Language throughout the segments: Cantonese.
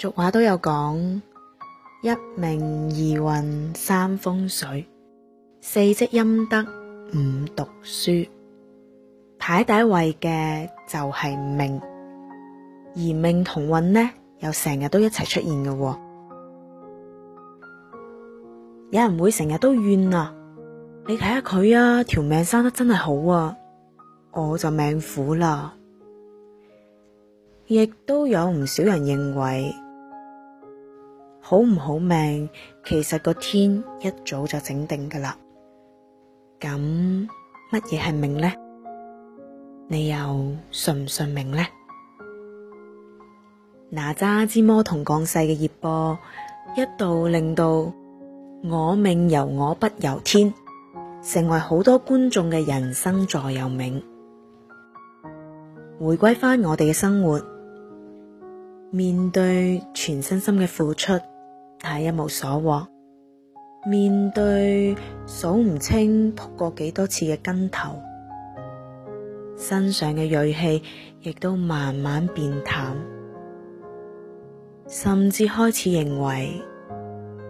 俗話都有講，一命二運三風水，四積陰德五讀書。排第一位嘅就係命，而命同運呢，又成日都一齊出現嘅。有人會成日都怨啊，你睇下佢啊，條命生得真係好啊，我就命苦啦。亦都有唔少人認為。好唔好命，其實個天一早就整定噶啦。咁乜嘢係命呢？你又信唔信命呢？哪吒之魔童降世嘅熱播一度令到我命由我不由天，成為好多觀眾嘅人生座右銘。回歸翻我哋嘅生活，面對全身心嘅付出。但係一無所獲，面對數唔清撲過幾多次嘅跟頭，身上嘅銳氣亦都慢慢變淡，甚至開始認為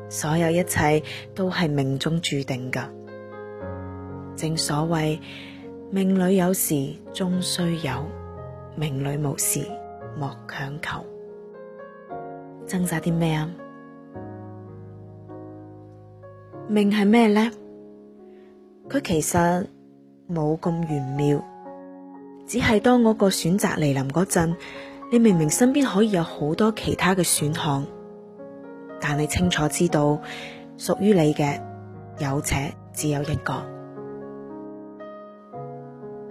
所有一切都係命中注定噶。正所謂命裏有時終須有，命裏無時莫強求。掙扎啲咩啊？命係咩呢？佢其實冇咁玄妙，只係當我個選擇來臨嗰陣，你明明身邊可以有好多其他嘅選項，但你清楚知道屬於你嘅有且只有一個。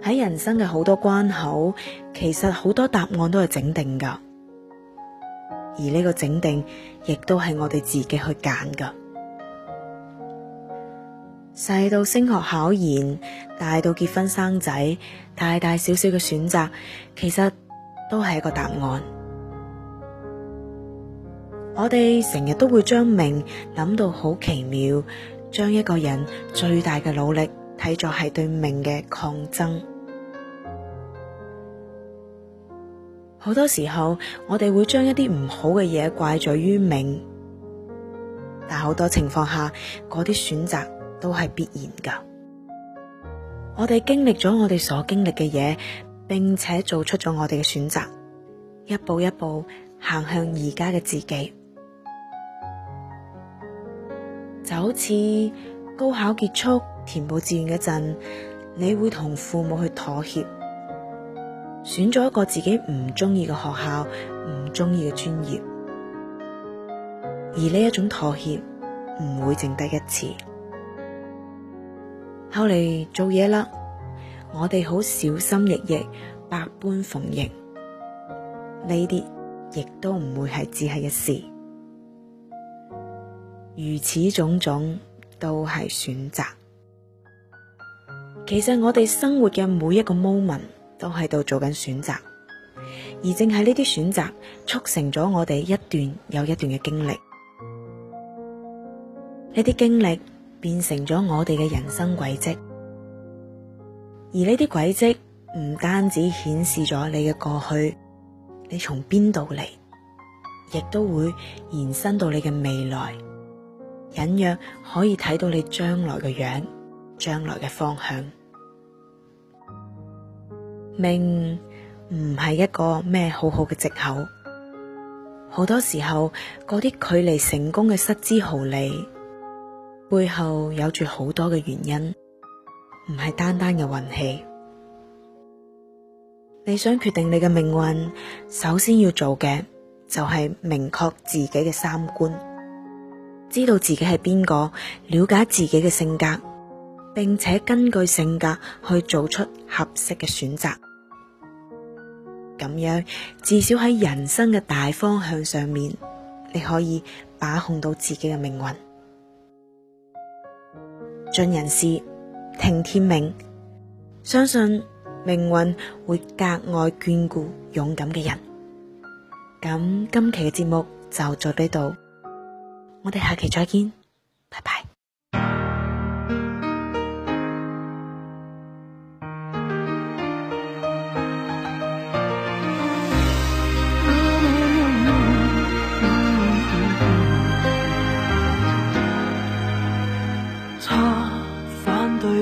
喺人生嘅好多關口，其實好多答案都係整定噶，而呢個整定亦都係我哋自己去揀噶。細到升學考研，大到結婚生仔，大大小小嘅選擇，其實都係一個答案。我哋成日都會將命諗到好奇妙，將一個人最大嘅努力睇作係對命嘅抗爭。好多時候，我哋會將一啲唔好嘅嘢怪罪於命，但好多情況下，嗰啲選擇，都係必然噶。我哋經歷咗我哋所經歷嘅嘢，並且做出咗我哋嘅選擇，一步一步行向而家嘅自己，就好似高考結束填報志願嗰陣，你會同父母去妥協，選咗一個自己唔中意嘅學校、唔中意嘅專業，而呢一種妥協唔會剩低一次。後嚟做嘢啦，我哋好小心翼翼，百般逢迎，呢啲亦都唔會係只係一時。如此種種都係選擇。其實我哋生活嘅每一個 moment 都喺度做緊選擇，而正係呢啲選擇促成咗我哋一段又一段嘅經歷。呢啲經歷。變成咗我哋嘅人生軌跡，而呢啲軌跡唔單止顯示咗你嘅過去，你從邊度嚟，亦都會延伸到你嘅未來，隱約可以睇到你將來嘅樣，將來嘅方向。命唔係一個咩好好嘅借口，好多時候嗰啲距離成功嘅失之毫釐。背後有住好多嘅原因，唔係單單嘅運氣。你想決定你嘅命運，首先要做嘅就係明確自己嘅三觀，知道自己係邊個，了解自己嘅性格，並且根據性格去做出合適嘅選擇。咁樣至少喺人生嘅大方向上面，你可以把控到自己嘅命運。盡人事，聽天命，相信命運會格外眷顧勇敢嘅人。咁今期嘅節目就到呢度，我哋下期再見。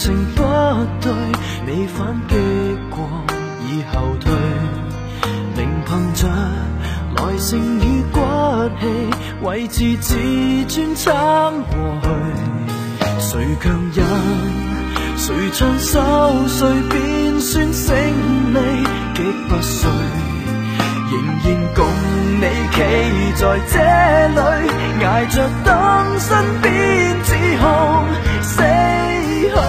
情不對，你反擊過已後退，仍憑着耐性與骨氣，維持自，自尊撐過去。誰強忍，誰唱手，誰便算勝利。極不遂，仍然共你企在這裏，挨着等，身邊只空。